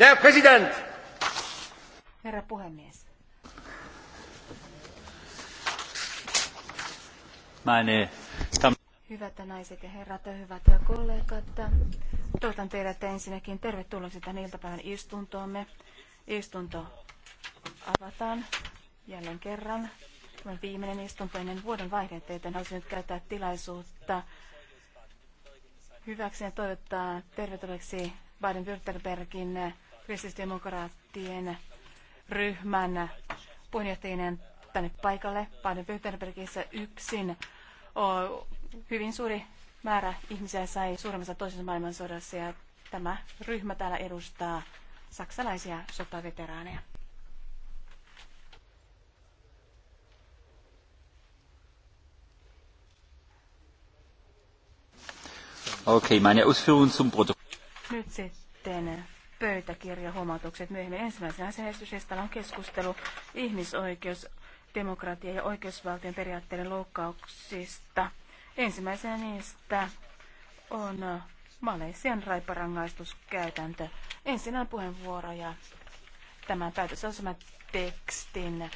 Der Herra puhemies. Meine Hyvät naiset ja herrat ja hyvät kollegat, toivotan teidät ensinnäkin tervetulleeksi tämän iltapäivän istuntoomme. Istunto avataan jälleen kerran. Tämä viimeinen istunto ennen vuoden vaihdetta, joten haluaisin nyt käyttää tilaisuutta hyväksi ja toivottaa tervetulleeksi Baden-Württembergin kristillisdemokraattien ryhmän puheenjohtajinen tänne paikalle Baden-Württembergissä yksin. Hyvin suuri määrä ihmisiä sai suuremmassa toisessa maailmansodassa ja tämä ryhmä täällä edustaa saksalaisia sotaveteraaneja. Okay, meine Ausführungen zum Protokoll. Nyt sitten pöytäkirjahuomautukset myöhemmin. Ensimmäisenä asiaistusestalla on keskustelu ihmisoikeus, demokratia ja oikeusvaltion periaatteiden loukkauksista. Ensimmäisenä niistä on Malesian raiparangaistuskäytäntö. Ensin on puheenvuoroja tämän päätösaseman